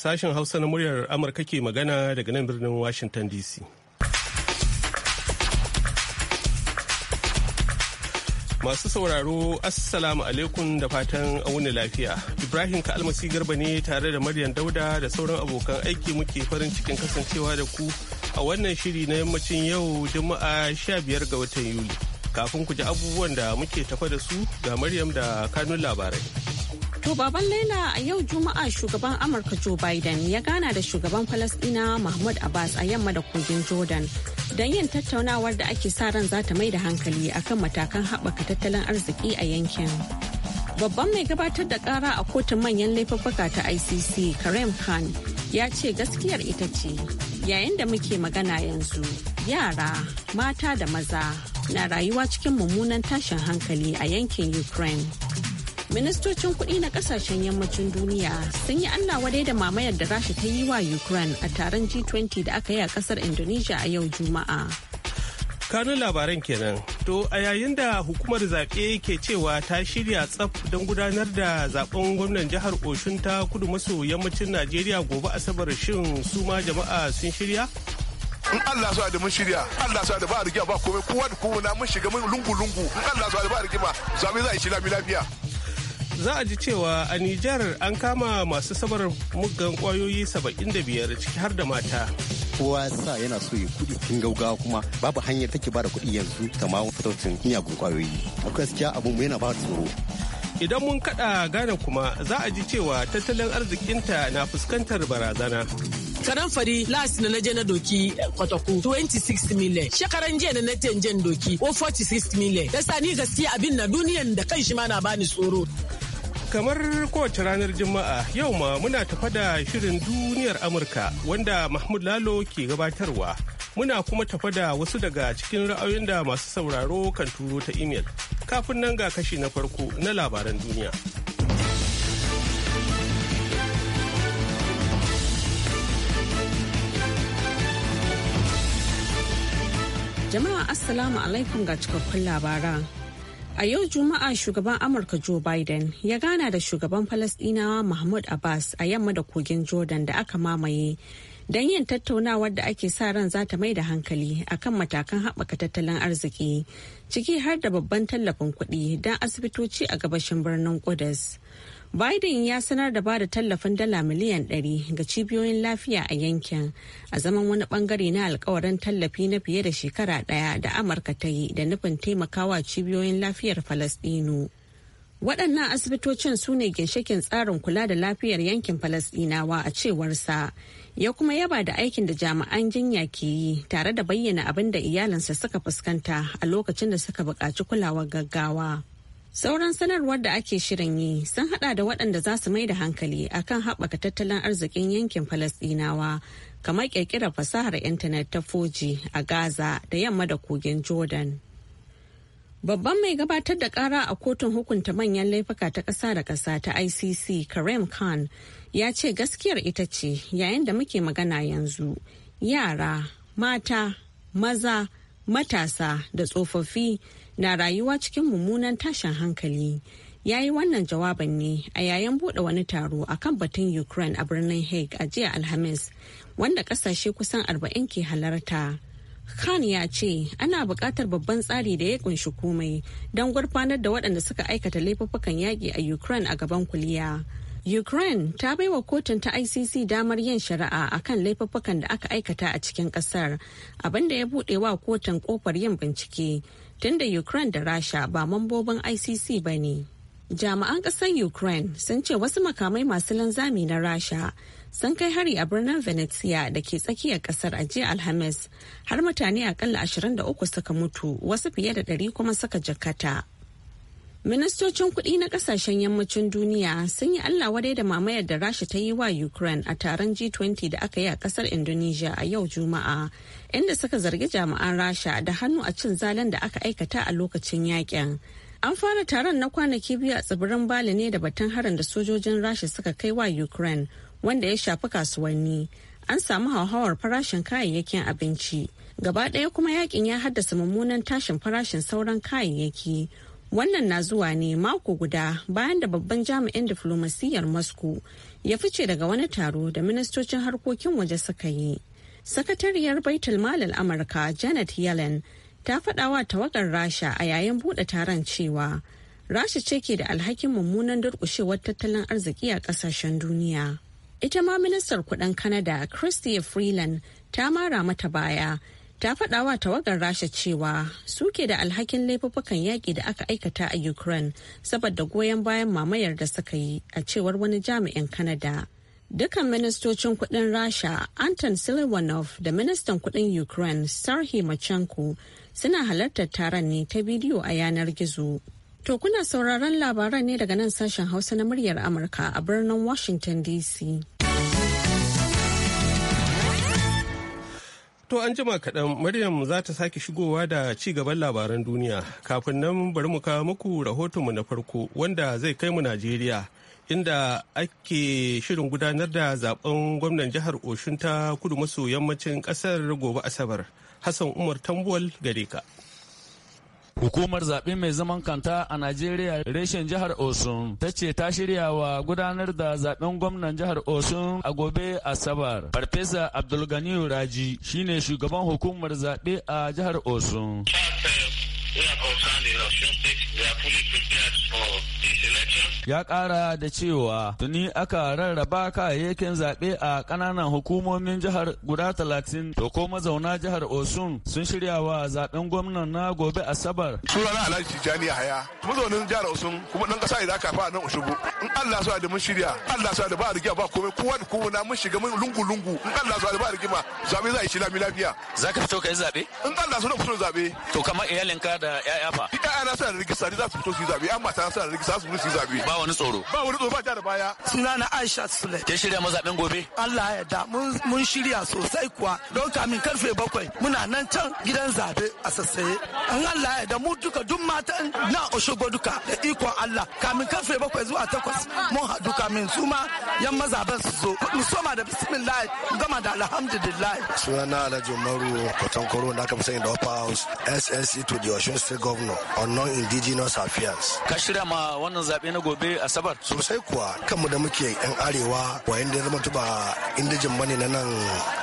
Sashen Hausa na muryar Amurka ke magana daga nan birnin Washington DC. Masu sauraro, Assalamu alaikum da fatan wani lafiya. Ibrahim almasi Garba ne tare da Maryam Dauda da sauran abokan aiki muke farin cikin kasancewa da ku a wannan shiri na yammacin yau Juma'a sha biyar ga watan Yuli. Kafin ku ji abubuwan da muke tafa da su ga Maryam da kanun labarai. To baban Laila a yau Juma'a shugaban Amurka Joe Biden ya gana da shugaban Falasɗina Mahmud Abbas a yamma da kogin Jordan don yin tattaunawar da ake sa ran za ta mai da hankali akan matakan haɓaka tattalin arziki a yankin. Babban mai gabatar da ƙara a kotun manyan laifuffuka ta ICC Karim Khan ya ce gaskiyar ita ce yayin da muke magana yanzu yara mata da maza na rayuwa cikin mummunan tashin hankali a yankin Ukraine. ministocin Kudi na kasashen yammacin duniya sun yi allah dai da mamayar da rasha ta yi wa ukraine a taron g20 da aka yi a kasar indonesia a yau juma'a kanun labaran kenan to a yayin da hukumar zaɓe ke cewa ta shirya tsaf don gudanar da zaben gwamnan jihar oshun ta kudu maso yammacin najeriya gobe asabar shin su ma jama'a sun shirya in Allah su da mun shirya Allah su da ba rigima ba komai kowa da kowa na mun shiga mun lungu lungu in Allah su da ba rigima zaɓe za a yi shi lafiya za a ji cewa a Nijar an kama masu sabar muggan kwayoyi 75 ciki har da mata. Kowa sa yana so ya kudi cikin gaugawa kuma babu hanyar take bada kudi yanzu ta ma fitocin miyagun kwayoyi. Gaskiya abun yana ba tsoro. Idan mun kada gane kuma za a ji cewa tattalin arzikinta na fuskantar barazana. karan fari last na naje na doki eh, kwataku 26 million shekaran jiya na naje doki 46 million yasa ni gaskiya abin na duniyan da kan shi ma na bani tsoro kamar kowace ranar Juma'a yau ma muna tafa da shirin duniyar Amurka wanda Mahmud Lalo ke gabatarwa. Muna kuma tafa da wasu daga cikin ra'ayoyin da masu sauraro kan turo ta imel. Kafin nan ga kashi na farko na labaran duniya. Jama'a Assalamu alaikum ga cikakkun labaran. A yau Juma'a shugaban Amurka Joe Biden ya gana da shugaban Falasɗinawa Mahmud Abbas a yamma da kogin Jordan da aka mamaye don yin tattaunawar da ake sa ran zata mai da hankali akan matakan haɓaka tattalin arziki ciki har da babban tallafin kuɗi don asibitoci a gabashin birnin Kudus. Biden ya sanar da bada tallafin dala miliyan 100 ga cibiyoyin lafiya a yankin a zaman wani bangare na alkawarin tallafi na fiye da shekara daya da Amurka ta yi da nufin taimakawa cibiyoyin lafiyar Falasɗinu. Waɗannan asibitocin su ne ginshikin tsarin kula da lafiyar yankin Falasdinawa a cewarsa. Ya kuma yaba da aikin da jami'an jinya ke yi tare da bayyana abin da iyalinsa suka fuskanta a lokacin da suka buƙaci kulawar gaggawa. Sauran sanarwar da ake shirin yi sun hada da waɗanda za su mai da hankali akan haɓaka tattalin arzikin yankin Falasɗinawa kamar ƙirƙirar fasahar intanet ta foji a Gaza da yamma da kogin Jordan. Babban mai gabatar da ƙara a kotun hukunta manyan laifuka ta ƙasa da ƙasa ta ICC Karim Khan ya ce gaskiyar ita ce yayin da muke magana yanzu yara, mata, maza, matasa da tsofaffi na rayuwa cikin mummunan tashin hankali ya yi wannan jawaban ne a yayin buɗe wani taro a kan batun ukraine a birnin hague a jiya alhamis wanda ƙasashe kusan 40 ke halarta khan ya ce ana buƙatar babban tsari da ya kunshi komai don gurfanar da waɗanda suka aikata laifuffukan yaƙi a ukraine a gaban kuliya. Ukraine ta baiwa kotun ta ICC damar yin shari'a akan laifuffukan da aka aikata a cikin kasar abinda ya buɗe wa kotun kofar yin bincike tunda Ukraine da Rasha ba mambobin ICC ba ne. Jami'an ƙasar Ukraine sun ce wasu makamai masu linzami na Rasha sun kai hari a birnin Venezia da ke tsakiyar ƙasar a jiya Alhamis har mutane akalla 23 suka mutu wasu fiye da 100 kuma suka jakata. Ministocin kuɗi na ƙasashen yammacin duniya sun yi Allah wadai da mamayar da Rasha ta yi wa Ukraine a taron G20 da aka yi a ƙasar Indonesia a yau Juma'a, inda suka zargi jami'an Rasha da hannu a cin zalen da aka aikata a lokacin yakin. An fara taron na kwanaki biyu a tsibirin Bali ne da batun harin da sojojin Rasha suka kai wa Ukraine, wanda ya shafi kasuwanni. An samu hauhawar farashin kayayyakin abinci. Gaba ɗaya kuma yakin ya haddasa mummunan tashin farashin sauran kayayyaki. Wannan na zuwa ne mako guda bayan da babban jami'in diflomasiyyar Moscow ya fice daga wani taro da ministocin harkokin waje suka yi. Sakatariyar Baitul Malal Amurka Janet Yellen ta faɗawa tawagar Rasha a yayin buɗe taron cewa Rasha ce ke da alhakin mummunan durƙushewar tattalin arziki a ƙasashen duniya. Ita ma ministar kuɗin Canada Christia Freeland ta mara mata baya ta faɗa wa tawagar rasha cewa suke da alhakin laifukan yaƙi da aka aikata a ukraine saboda goyon bayan mamayar da suka yi a cewar wani jami'in canada dukan ministocin kudin rasha anton silvanov da ministan kudin ukraine sarhi machenko suna halartar taron ne ta bidiyo a yanar gizo to kuna sauraron labaran ne daga nan sashen hausa na muryar amurka a birnin washington dc To an jima kaɗan Maryam za ta sake shigowa da ci gaban labaran duniya. Kafin nan bari mu kawo muku rahotonmu na farko wanda zai kai mu Najeriya inda ake shirin gudanar da zaben gwamnan jihar Oshun ta kudu maso yammacin ƙasar gobe Asabar. Hassan Umar Tambuwal gare ka. Hukumar zaɓe mai zaman kanta a Najeriya reshen jihar Osun ta ce ta shirya wa gudanar da zaɓen gwamnan jihar Osun a gobe Asabar. Farfesa Abdulgani Raji shi ne shugaban hukumar zaɓe a jihar Osun. ya kara da cewa tuni aka rarraba kayayyakin zaɓe a ƙananan hukumomin jihar guda talatin to ko mazauna jihar osun sun shirya wa zaɓen gwamnan na gobe asabar sunana alhaji tijjani haya mazaunin jihar osun kuma ɗan ƙasa idan aka fa nan ushugu in allah su da mun shirya allah su da ba rigima ba komai kowa da kowa na mun shiga mun lungu lungu in allah su da ba rigima zaɓe za a yi shi lami lafiya za ka fito ka yi zaɓe in allah su da fito zaɓe to kamar iyalinka da 'ya'ya fa ita ana suna da rigista za su fito su yi zaɓe amma ta suna da rigista su fito su yi zaɓe ba wani tsoro ba wani tsoro ba da baya suna na Aisha Sule ke shirya mazaɓen gobe Allah ya da mun shirya sosai kuwa don kamin karfe bakwai muna nan can gidan zabe a sassaye an Allah ya yarda mu duka duk mata na Oshogbo duka da ikon Allah kamin karfe bakwai zuwa takwas mun haɗu kamin su ma yan mazaɓen su zo mu soma da bismillah gama da alhamdulillah sunana Alhaji Umaru Kotankoro da aka fi sani da Upper House SSC e to the Osun State Governor on non-indigenous affairs ka shirya ma wannan zaɓe na gobe gobe asabar sosai kuwa kanmu da muke yan arewa wayan da ya zama tuba indijin bane na nan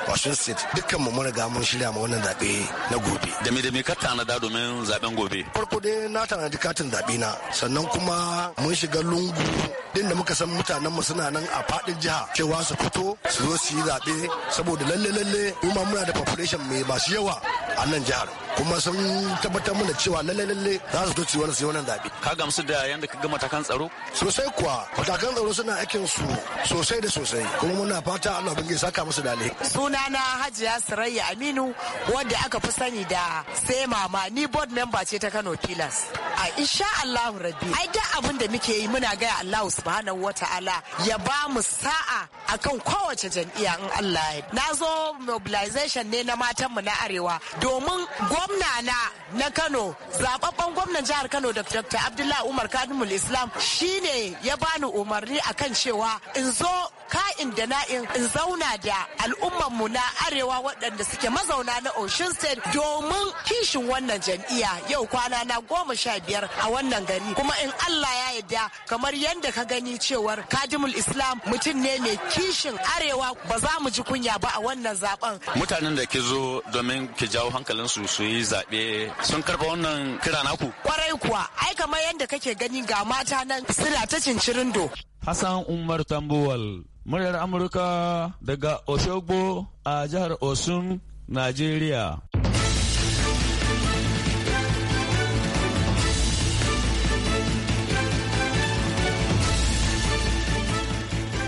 washin state dukkan mu riga mun shirya ma wannan zabe na gobe da me da me ka da domin zaben gobe farko dai na tanadi katin zabe na sannan kuma mun shiga lungu din da muka san mutanen mu suna nan a fadin jiha cewa su fito su zo su yi zabe saboda lalle lalle mu muna da population mai masu yawa a nan jihar kuma sun tabbatar mana cewa lalle lalle za su doce wani sai wannan zaɓe. ka gamsu da yadda ka ga matakan tsaro sosai kuwa matakan tsaro suna aikin su sosai da sosai kuma muna fata Allah bin ka musu da Suna na Hajiya Sarayya Aminu wanda aka fi sani da sai mama ni board member ce ta Kano Pillars a insha Allah rabbi ai da abin da muke yi muna gaya Allah subhanahu wataala ya ba mu sa'a akan kowace jam'iyya in Allah ya na zo mobilization ne na matan mu na arewa domin gwamna na na Kano zababben gwamnan jihar Kano Dr. Abdullahi Umar Kadimul Islam shine ya bani umarni akan cewa in zo ka'in da na'in in zauna da al'ummarmu na arewa waɗanda suke mazauna na Ocean State domin kishin wannan jam'iyya yau kwana na goma sha biyar a wannan gari kuma in Allah ya yadda kamar yadda ka gani cewar Kadimul Islam mutum ne mai kishin arewa ba za mu ji kunya ba a wannan zaben. Mutanen da ke zo domin ki jawo su su yi zaɓe sun karɓa wannan kira naku? Kwarai kuwa, ai kamar yadda kake gani ga mata nan suna ta cincirindo. Hassan Umar Tambuwal, muryar Amurka daga Oshogbo a jihar Osun, Najeriya.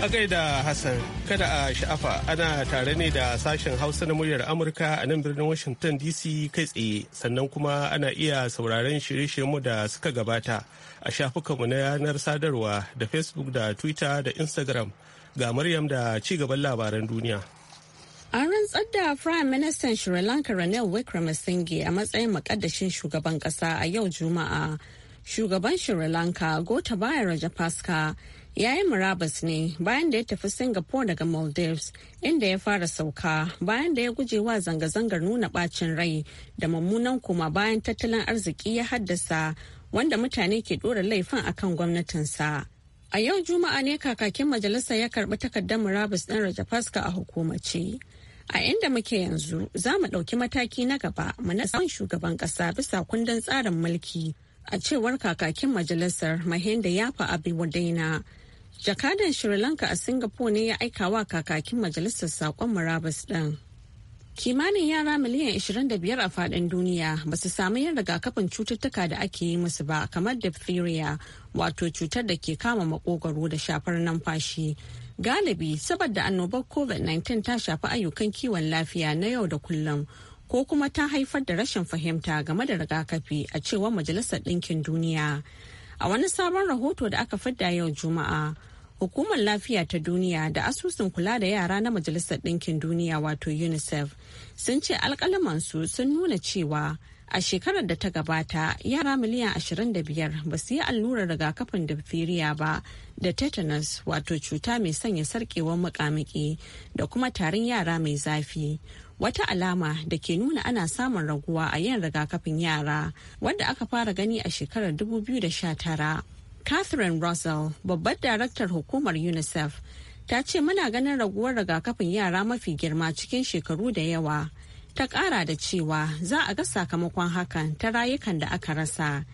A gaida Hassan, kada a sha'afa ana tare ne da sashen Hausa na muryar Amurka a nan birnin Washington DC kai tsaye, sannan kuma ana iya sauraron shirye-shiryenmu da suka gabata a mu na yanar sadarwa da Facebook da Twitter da Instagram ga Maryam da ci gaban labaran duniya. An rantsar da Prime Minister Sri Lanka Ranil Wickremesinghe a matsayin makaddashin shugaban kasa a yau Juma'a. Shugaban Sri Lanka Gotabaya Rajapaksa ya yi murabas ne bayan da ya tafi singapore daga maldives inda ya fara sauka bayan da ya guje wa zanga-zangar nuna bacin rai da mummunan kuma bayan tattalin arziki ya haddasa wanda mutane ke dora laifin akan gwamnatinsa a yau juma'a ne kakakin majalisa ya karbi takardar murabus din rajafaska a hukumace a inda muke yanzu za mu ɗauki mataki na gaba mu na shugaban ƙasa bisa kundin tsarin mulki a cewar kakakin majalisar mahinda yafa abiwadaina jakadan sri lanka a singapore ne ya aika wa kakakin majalisar sakon murabus ɗin. kimanin yara miliyan 25 a fadin duniya ba su samu yin rigakafin cututtuka da ake yi musu ba kamar diphtheria wato cutar da ke kama makogwaro da shafar numfashi galibi saboda annobar covid-19 ta shafi ayyukan kiwon lafiya na yau da kullum ko kuma ta haifar da rashin fahimta game da rigakafi a cewar majalisar ɗinkin duniya a wani sabon rahoto da aka fidda yau juma'a hukumar lafiya ta duniya da asusun kula da yara na majalisar ɗinkin duniya wato unicef sun ce alkalamansu sun nuna cewa a shekarar da ta gabata yara miliyan 25 ba su yi allurar rigakafin diphtheria ba da tetanus wato cuta mai sanya sarkewar muƙamuƙi da kuma tarin yara mai zafi wata alama da ke nuna ana samun raguwa a yin rigakafin yara wanda aka fara gani a shekarar 2019 catherine russell babbar daraktar hukumar unicef ta ce muna ganin raguwar rigakafin yara mafi girma cikin shekaru da yawa ta ƙara da cewa za a ga sakamakon hakan ta rayukan da aka rasa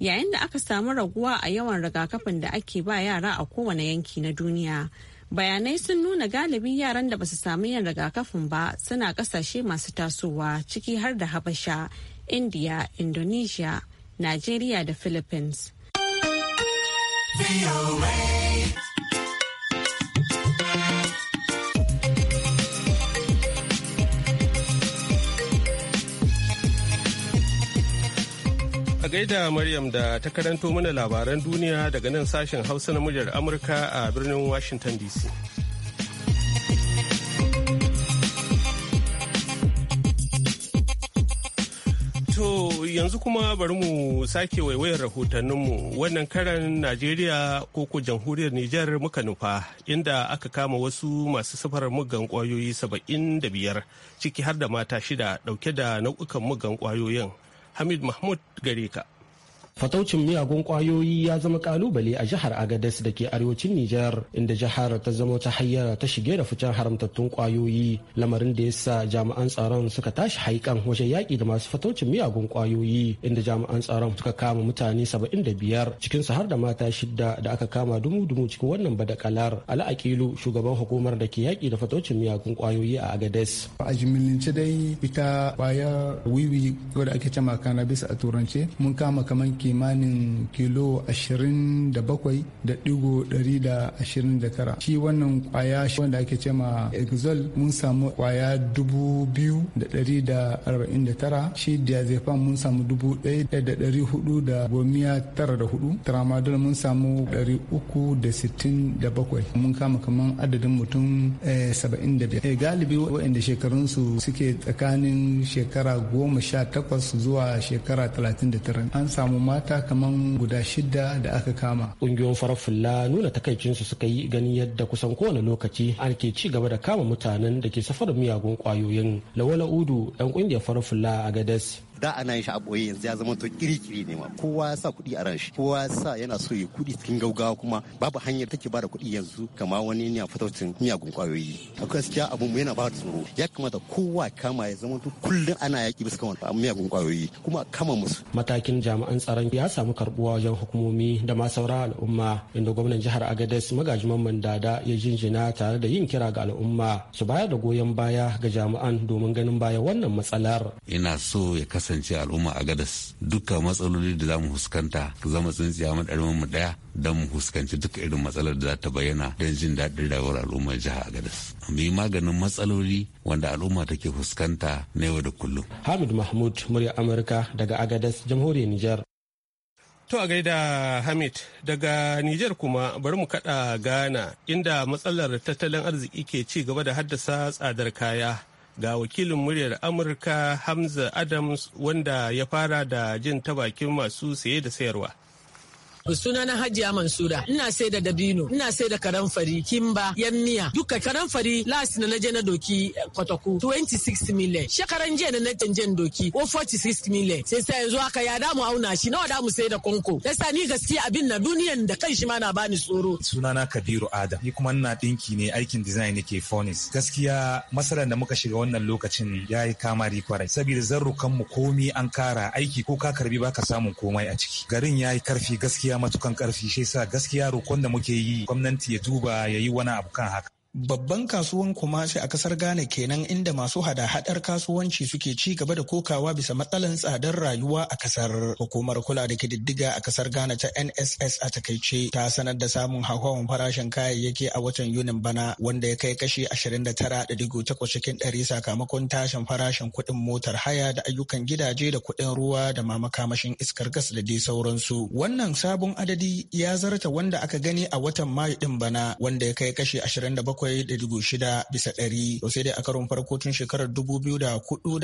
yayin da aka samu raguwa a yawan rigakafin da ake ba yara a kowane yanki na duniya bayanai sun nuna galibin yaran da basu samu yin rigakafin ba suna kasashe masu tasowa ciki har da habasha india indonesia nigeria da philippines A gaida Maryam da ta karanto mana labaran duniya daga nan sashen Hausa na muryar Amurka a birnin Washington DC. yanzu kuma bari mu sake waiwayar rahotanninmu wannan karan najeriya koko jamhuriyar nijar muka nufa inda aka kama wasu masu safarar mugan kwayoyi saba'in da biyar ciki har da mata shida dauke da nau'ukan mugan kwayoyin hamid mahmud gare ka Fataucin miyagun kwayoyi ya zama kalubale a jihar Agadez da ke arewacin Nijar inda jihar ta zama ta hayyara ta shige da ficen haramtattun kwayoyi lamarin da ya sa jami'an tsaron suka tashi haikan wajen yaƙi da masu fataucin miyagun kwayoyi inda jami'an tsaron suka kama mutane saba'in da biyar su har da mata shidda da aka kama dumu-dumu cikin wannan badakalar ala'akilu shugaban hukumar da ke yaƙi da fataucin miyagun kwayoyi a Agades. A jimillince dai ita kwaya wiwi wadda ake cema cannabis a turance mun kama kamar kimanin kilo 27.129 shi wannan kwaya shi wanda ake ce ma exol mun samu kwaya 2,249 shi diazepam mun samu 1,494 tramadol mun samu 367 mun kama kaman adadin mutum 75 eh, eh, galibi waɗanda shekarunsu suke tsakanin shekara 18 zuwa shekara 39 an samu mata kaman guda shida da aka kama. Ƙungiyoyin farar fulla nuna takaicinsu suka yi ganin yadda kusan kowane lokaci an ke ci gaba da kama mutanen da ke safarar miyagun ƙwayoyin. Lawala Udu ɗan ƙungiyar farar fulla a Gadas da ana yin shi a boye yanzu ya zama to kiri ne ma kowa ya sa kuɗi a ran kowa ya sa yana so ya kuɗi cikin gaugawa kuma babu hanyar take bada kuɗi yanzu kama wani ne a fatautin miyagun kwayoyi a gaskiya abu mu yana ba tsoro ya kamata kowa kama ya zama to kullum ana yaki bisa kan miyagun kwayoyi kuma kama musu matakin jami'an tsaron ya samu karbuwa wajen hukumomi da ma sauran al'umma inda gwamnan jihar Agadez magajiman Mandada ya jinjina tare da yin kira ga al'umma su bayar da goyon baya ga jami'an domin ganin baya wannan matsalar ina so ya kasance kasance al'umma a gadas dukkan matsaloli da za mu fuskanta zama tsintsiya madarmin mu daya don mu fuskanci duka irin matsalar da za ta bayyana don jin daɗin rayuwar al'ummar jiha a gadas mu yi maganin matsaloli wanda al'umma take fuskanta na yau da kullum hamid mahmud murya amurka daga agadas jamhuriyar nijar To a gaida Hamid daga Nijar kuma bari mu kada Ghana inda matsalar tattalin arziki ke ci gaba da haddasa tsadar kaya ga wakilin muryar amurka hamza adams wanda ya fara da jin ta bakin masu saye da sayarwa Suna na Hajiya Mansura. Ina sai da dabino, ina sai da karamfari, kimba, yan miya. Duka karamfari last na naje na doki eh, kwataku 26 million. Shekaran jiya na na canjen doki 46 million. Sai sai yanzu haka ya damu auna shi nawa damu sai da konko. Yasa ni gaskiya abin na duniyan da kan shi ma na bani tsoro. Suna na Kabiru Adam. Ni kuma ina dinki ne aikin design nake furnace Gaskiya masalan da muka shiga wannan lokacin ya yi kamari kwarai. Saboda zarrukan mu komi an kara aiki ko ka karbi baka samun komai a ciki. Garin ya yi karfi gaskiya gaskiya matukan karfi shi yasa gaskiya roƙon da muke yi gwamnati ya duba ya yi wani abu kan haka Babban kasuwan Kumasi a kasar Ghana kenan inda masu hada-hadar kasuwanci suke ci gaba da kokawa bisa matsalan tsadar rayuwa a kasar. Hukumar kula da kididdiga a kasar Ghana ta NSS a takaice ta sanar da samun hauhawan farashin kayayyaki a watan Yunin bana wanda ya kai kashi 29.8 cikin ɗari sakamakon tashin farashin kuɗin motar haya da ayyukan gidaje da kuɗin ruwa da ma makamashin iskar gas da dai sauransu. Wannan sabon adadi ya zarta wanda aka gani a watan Mayu ɗin bana wanda ya kai kashi 27 Akwai da shida bisa ɗari. To dai a karon farko tun shekarar dubu biyu da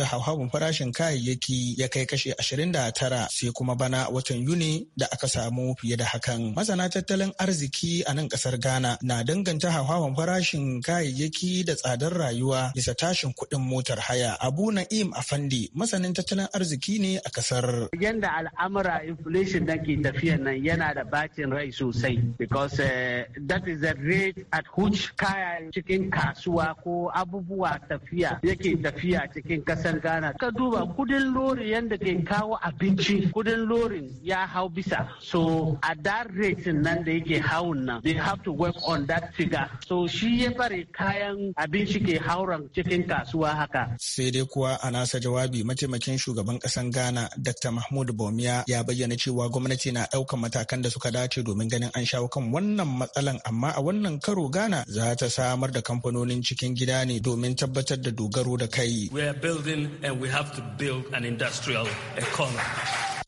hauhawun farashin kayayyaki ya kai kashe ashirin da tara sai kuma bana watan Yuni da aka samu fiye da hakan. Masana tattalin arziki a nan ƙasar Ghana na danganta hauhawun farashin kayayyaki da tsadar rayuwa bisa tashin kuɗin motar haya. Abu Na'im Afandi masanin tattalin arziki ne a ƙasar. Yanda al'amura inflation da ke tafiya nan yana da bacin rai sosai because uh, that is the rate at which kaya cikin kasuwa ko abubuwa tafiya yake tafiya cikin kasar Ghana. Ka duba kudin lori yadda ke kawo abinci kudin lorin ya hau bisa. So a that rate nan da yake hau nan they have to work on that figure. So shi ya bare kayan abinci ke hauran cikin kasuwa haka. Sai dai kuwa a nasa jawabi mataimakin shugaban kasan Ghana Dr. Mahmud bomiya ya bayyana cewa gwamnati na ɗaukan matakan da suka dace domin ganin an shawo kan wannan matsalan amma a wannan karo Ghana za ta samar da kamfanonin cikin gida ne domin tabbatar da dogaro da kai. We are building and we have to build an industrial economy.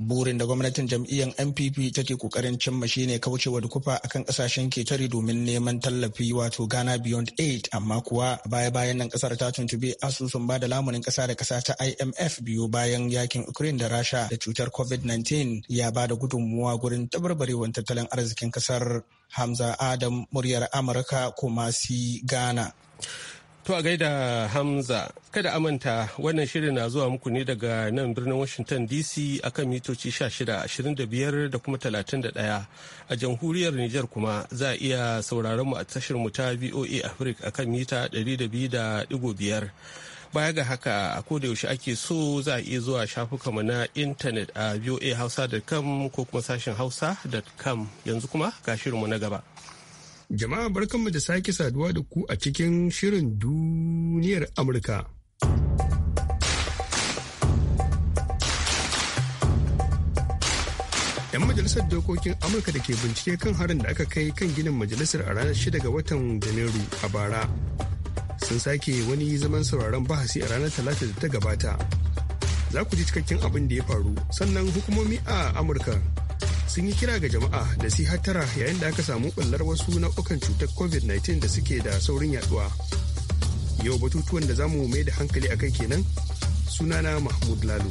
burin da gwamnatin jam'iyyar npp ke kokarin cimma shine kaucewa dukufa akan kasashen ketare domin neman tallafi wato ghana beyond aid amma kuwa baya bayan nan kasar ta tuntubi asusun ba da lamunin kasa da kasa ta imf biyu bayan yakin ukraine da rasha da cutar covid-19 ya ba da gudunmuwa gurin tabarbarewar tattalin arzikin kasar hamza adam muryar amurka kuma si ghana To a gaida Hamza, kada amanta wannan shirin na zuwa muku ne daga nan birnin Washington DC akan mitoci 1625 da kuma 31 a jamhuriyar Nijar kuma za a iya sauraron mu a tashar mu ta VOA Africa akan mita 200.5. Baya ga haka a koda yaushe ake so za a iya zuwa shafukanmu na intanet a voahausa.com ko kuma sashen hausa.com yanzu kuma ga shirinmu na gaba. Jama'a barkanmu da sake saduwa da ku a cikin shirin duniyar Amurka. ‘Yan majalisar dokokin Amurka da ke bincike kan harin da aka kai kan ginin majalisar a ranar 6 ga watan Janairu a bara sun sake wani zaman sauraron bahasi a ranar talata da ta gabata. Za ku ji cikakken abin da ya faru sannan hukumomi a Amurka sun yi kira ga jama'a da si hatara yayin da aka samu ɓullar wasu nau'ukan cutar covid-19 da suke da saurin yaduwa yau batutuwan da zamu mai da hankali a kai kenan sunana mahmud lalu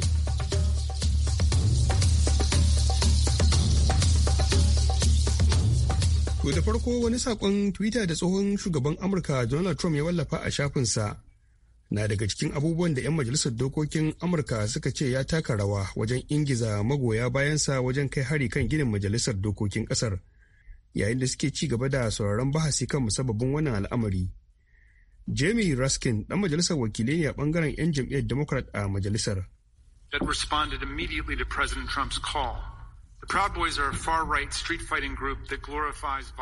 To da farko wani saƙon twitter da tsohon shugaban amurka donald trump ya wallafa a shafinsa na daga cikin abubuwan da 'yan majalisar dokokin amurka suka ce ya taka rawa wajen ingiza magoya bayansa wajen kai hari kan ginin majalisar dokokin kasar yayin da suke ci gaba da sauraron bahasi kan musabbabin wannan al'amari jamie raskin dan majalisar wakilai ne a bangaren 'yan jam'iyyar democrat a majalisar that responded immediately to President Trump's call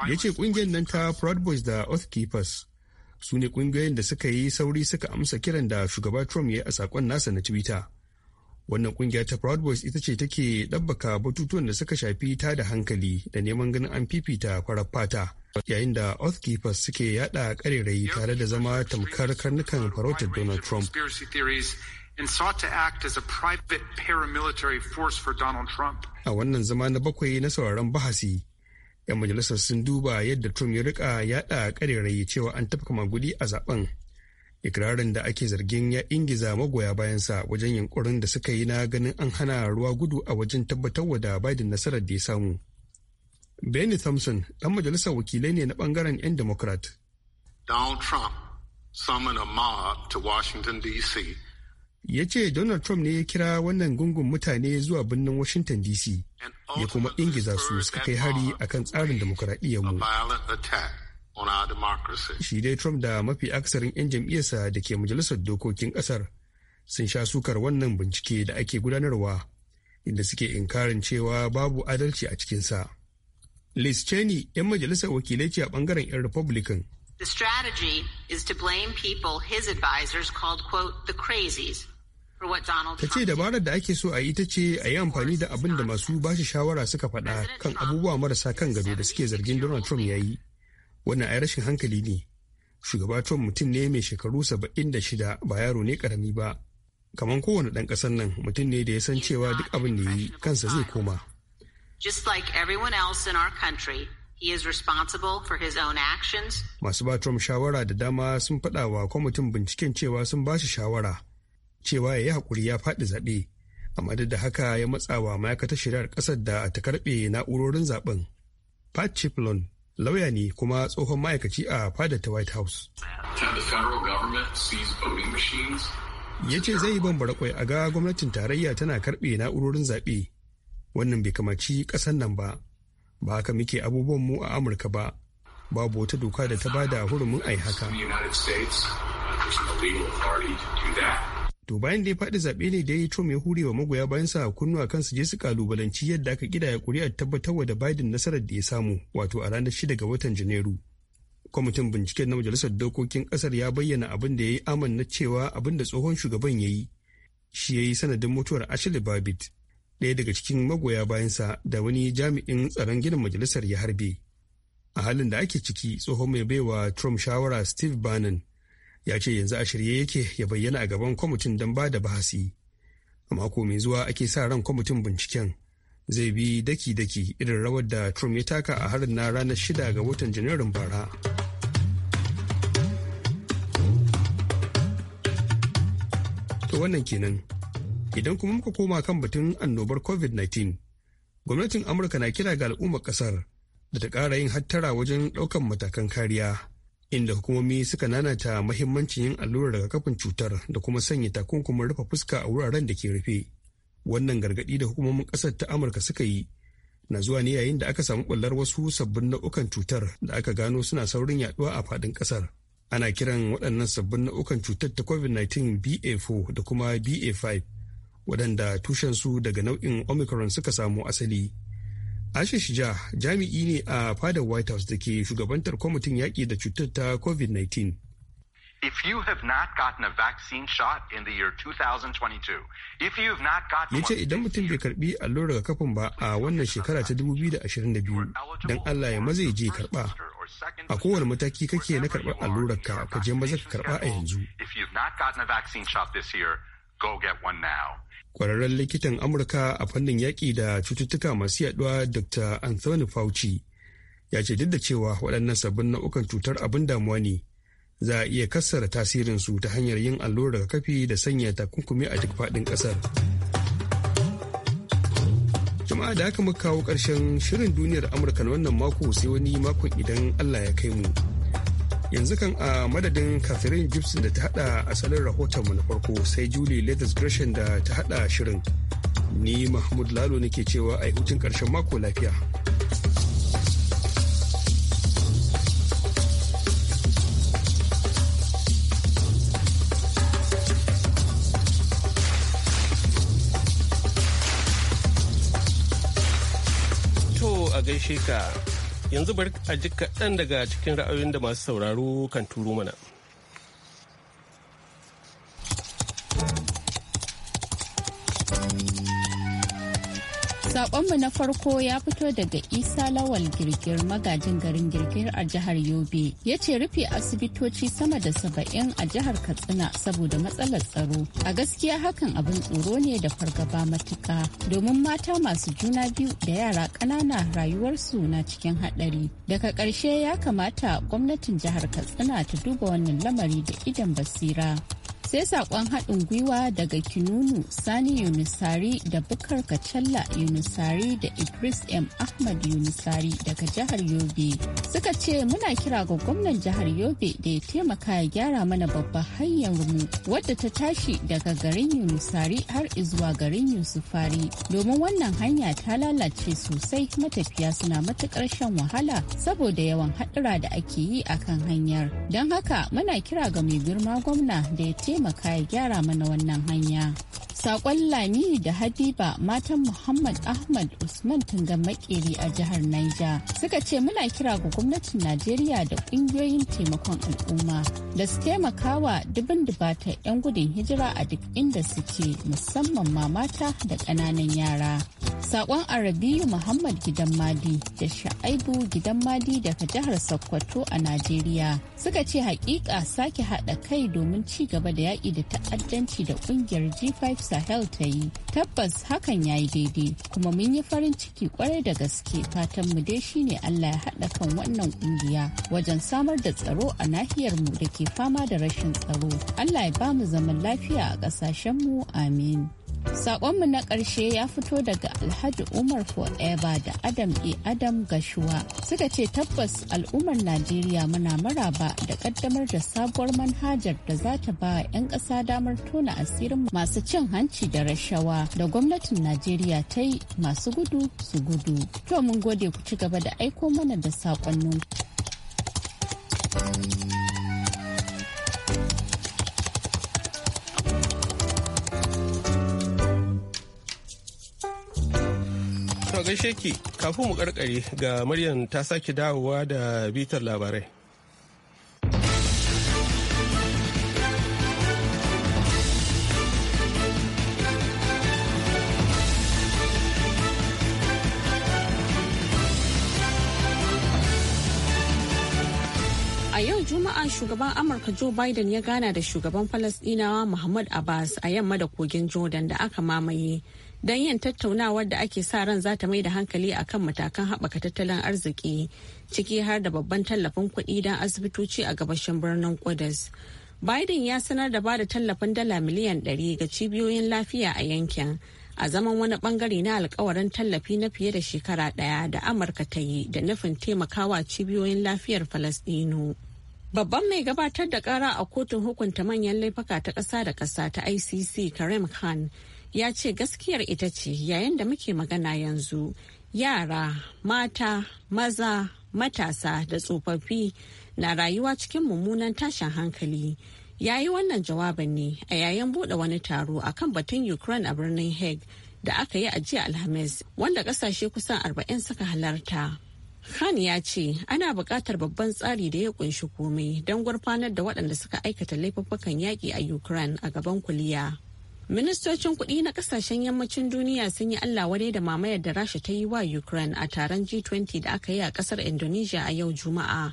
ya ce kungiyar nan ta proud boys da oath keepers su ne kungiyoyin da suka yi sauri suka amsa kiran da shugaba trump ya yi a sakon nasa na twitter wannan kungiya ta proud boys ita ce take ɗabbaka batutuwan da suka shafi ta da hankali da neman ganin an fifita farar fata yayin da oath keepers suke yada karerai tare da zama tamkar karnukan farautar donald trump and sought act as a private force for Donald Trump. A wannan zama na bakwai na sauraron bahasi, 'yan majalisar sun duba yadda trump ya rika yada karerai cewa an tafka magudi a zaben ikirarin da ake zargin ya ingiza magoya bayansa wajen yankurin da suka yi na ganin an hana ruwa gudu a wajen tabbatar wa da biden nasarar da ya samu benny thompson dan majalisar wakilai ne na bangaren 'yan democrat donald trump ya ce donald trump ne ya kira wannan gungun mutane zuwa birnin washington dc ya kuma ingiza su suka kai hari akan tsarin mu. Shi dai Trump da mafi aksarin 'yan jam'iyyarsa da ke majalisar dokokin ƙasar sun sha sukar wannan bincike da ake gudanarwa inda suke inkarin cewa babu adalci a cikinsa. Liz Cheney 'yan majalisar wakilai ce a bangaren 'yan Republican. The strategy is to blame people his advisors called, quote, the crazies ta ce dabarar da ake so a yi ita ce a yi amfani da abin da masu bashi shawara suka faɗa kan abubuwa marasa kan gado da suke zargin donald trump ya yi wannan ai rashin hankali ne shugaba trump mutum ne mai shekaru saba'in da shida ba yaro ne karami ba kamar kowane ɗan ƙasar nan mutum ne da ya san cewa duk abin da ya yi kansa zai koma masu ba trump shawara da dama sun faɗa wa kwamitin binciken cewa sun ba shi shawara cewa ya yi haƙuri ya faɗi zaɓe amma duk da haka ya matsawa ma'aikatar shari'ar ƙasar da ta karɓe na'urorin zaɓen pat chiplon lauya ne kuma tsohon ma'aikaci a fadar ta white house ya ce zai yi bambara kwai a ga gwamnatin tarayya tana karɓe na'urorin zaɓe wannan bai kamaci ƙasar nan ba ba haka muke abubuwan mu a amurka ba babu wata doka da ta bada hurumin ai haka To bayan da ya faɗi zaɓe ne da ya Trump ya hurewa magoya bayan sa a kan su je su kalubalanci yadda aka ya kuri'ar tabbatarwa da Biden nasarar da ya samu wato a ranar shida ga watan Janairu. Kwamitin binciken na Majalisar Dokokin Ƙasar ya bayyana abin da ya yi amanna cewa abin da tsohon shugaban ya yi shi ya yi sanadin mutuwar Ashley Babbitt ɗaya daga cikin magoya bayansa da wani jami'in tsaron ginin majalisar ya harbe. A halin da ake ciki tsohon mai baiwa Trump shawara Steve Bannon ya ce yanzu a shirye yake ya bayyana a gaban kwamitin don ba da bahasi a mako mai zuwa ake sa ran kwamitin binciken zai bi daki-daki irin rawar da trump ya taka a harin na ranar shida ga watan janairun bara to wannan kenan idan kuma muka koma kan batun annobar covid-19 gwamnatin amurka na kira ga al'ummar kasar da ta ƙara yin hattara wajen ɗaukan matakan kariya inda hukumomi suka nanata mahimmancin yin allurar rigakafin cutar da kuma sanya takunkumin rufe fuska a wuraren da ke rufe wannan gargaɗi da hukumomin ƙasar ta amurka suka yi na zuwa ne yayin da aka samu ɓullar wasu sabbin nau'ukan cutar da aka gano suna saurin yaɗuwa a faɗin ƙasar ana kiran waɗannan sabbin nau'ukan cutar ta covid-19 ba4 da kuma ba5 waɗanda tushensu daga nau'in omicron suka samu asali Ashish Jha jami'i ne a fadar White House da ke shugabantar kwamitin yaƙi da cutar ta COVID-19. If you have not gotten shot in the year 2022, if you have Yace idan mutum bai karbi allurar rigakafin ba a wannan shekara ta 2022, dan Allah ya maza je karba. A kowane mataki kake na karbar allurar ka, ka je maza ka karba a yanzu. If not gotten a vaccine shot go get one now. kwararren likitan amurka a fannin yaƙi da cututtuka masu yaɗuwa dr anthony fauci ya ce duk da cewa waɗannan sabbin nau'ukan cutar abin damuwa ne za a iya kassara tasirinsu ta hanyar yin allurar rigakafi da sanya takunkumi a duk faɗin ƙasar jama'a da haka muka kawo ƙarshen shirin duniyar amurka na wannan mako sai wani makon idan allah ya kai mu. yanzu kan a madadin catherine gibson da ta hada asalin rahotonmu na farko sai julie latest gresham da ta hada shirin ni mahmud lalo nake cewa a hutun karshen mako lafiya to a gaishe ka yanzu bari a ji kaɗan daga cikin ra'ayoyin da masu sauraro kan turo mana. Sakonmu na farko ya fito daga Isa Lawal Girgir magajin garin Girgir a jihar Yobe. Ya ce rufe asibitoci sama da saba'in a jihar Katsina saboda matsalar tsaro. A gaskiya hakan abin tsoro ne da fargaba matuka domin mata masu juna biyu da yara ƙanana rayuwarsu na cikin haɗari. Daga ƙarshe ya kamata gwamnatin jihar Katsina ta duba wannan lamari da idan basira. sai saƙon haɗin gwiwa daga kinunu sani yunusari da bukar kacalla yunusari da idris m ahmad yunusari daga jihar yobe suka ce muna kira ga gwamnan jihar yobe da ya taimaka ya gyara mana babbar hanyar mu wadda ta tashi daga garin yunusari har izuwa garin yusufari domin wannan hanya ta lalace sosai matafiya suna matuƙar shan wahala saboda yawan haɗura da ake yi akan hanyar don haka muna kira ga mai girma gwamna da ya taimaka ya gyara mana wannan hanya. Sakon Lami da hadiba matan Muhammad Ahmad Usman Tungan Makeri a jihar Niger suka ce muna kira ga gwamnatin Najeriya da kungiyoyin taimakon al'umma da su taimakawa dubin dubata 'yan gudun hijira a duk inda su suke musamman ma mata da ƙananan yara. Sakon Arabiyu Muhammad Gidan Madi da Sha'aibu Gidan Madi daga jihar Sokoto a Najeriya suka ce hakika sake haɗa kai domin ci gaba da yaƙi da ta'addanci da ƙungiyar G5 sahel ta yi tabbas hakan ya yi daidai kuma mun yi farin ciki kwarai da gaske fatan mu dai shine allah ya haɗa kan wannan kungiya wajen samar da tsaro a nahiyar mu da ke fama da rashin tsaro allah ya ba mu zaman lafiya a ƙasashen mu amin Sakonmu na ƙarshe ya fito daga Alhaji Umar Forever da Adam E. Adam Gashuwa suka ce tabbas al'ummar Najeriya muna maraba da ƙaddamar da sabuwar manhajar da za ta ba 'yan ƙasa damar tona asirin masu cin hanci da rashawa da gwamnatin Najeriya ta yi masu gudu su gudu. To mun gode ku ci gaba da aiko mana da sakonnin. gaishe ki kafin mu karkare ga Maryam ta sake dawowa da bitar labarai. A yau Juma'a shugaban Amurka Joe Biden ya gana da shugaban Falasdinawa Muhammad Abbas a yamma da kogin Jordan da aka mamaye. don yin tattaunawar da ake sa ran za ta mai da hankali a kan matakan haɓaka tattalin arziki ciki har da babban tallafin kuɗi don asibitoci a gabashin birnin Kudus. Biden ya sanar da bada tallafin dala miliyan 100 ga cibiyoyin lafiya a yankin a zaman wani bangare na alkawarin tallafi na fiye da shekara ɗaya da Amurka ta yi da nufin taimakawa cibiyoyin lafiyar Falasɗinu. Babban mai gabatar da kara a kotun hukunta manyan laifuka ta ƙasa da ƙasa ta ICC Karim Khan ya ce gaskiyar ita ce yayin da muke magana yanzu yara mata maza matasa da tsofaffi na rayuwa cikin mummunan tashin hankali ya yi wannan jawabin ne a yayin buɗe wani taro a kan batun ukraine a birnin hague da aka yi a jiya alhamis wanda ƙasashe kusan arba'in suka halarta khan ya ce ana buƙatar babban tsari da ya kunshi komai don gurfanar da waɗanda suka aikata laifuffukan yaƙi a ukraine a gaban kuliya Ministocin kuɗi na ƙasashen yammacin duniya sun yi Allah wadai da mamayar da Rasha ta yi wa Ukraine a taron G20 da aka yi a ƙasar Indonesia a yau Juma'a,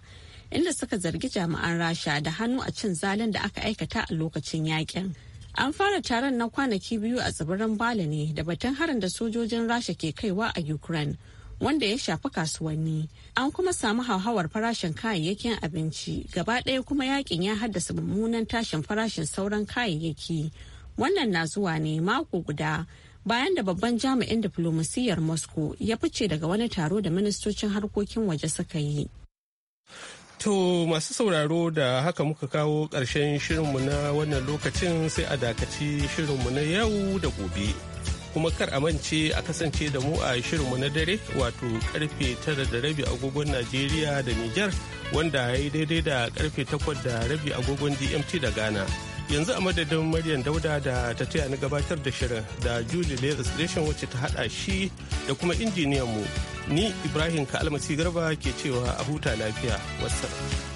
inda suka zargi jami'an Rasha da hannu a cin zalin da aka aikata a lokacin yakin. An fara taron na kwanaki biyu a tsibirin Bali ne da batun harin da sojojin Rasha ke kaiwa a Ukraine. wanda ya shafi kasuwanni an kuma samu hauhawar farashin kayayyakin abinci gaba ɗaya kuma yakin ya haddasa mummunan tashin farashin sauran kayayyaki wannan na zuwa ne mako guda bayan da babban jami'in diflomasiyyar moscow ya fice daga wani taro da ministocin harkokin waje suka yi To masu sauraro da haka muka kawo ƙarshen shirinmu na wannan lokacin sai a dakaci shirinmu na yau da gobe. Kuma kar a mance a kasance da mu a shirinmu na dare wato karfe tara da rabi agogon Najeriya da niger wanda ya yi daidai da karfe takwas da rabi agogon dmt da Ghana. yanzu a madadin Maryam Dauda da ta taya ni gabatar da shirin da Julie Leather Station wacce ta hada shi da kuma injiniyan mu ni Ibrahim Ka'almasi Garba ke cewa a huta lafiya. Wasu.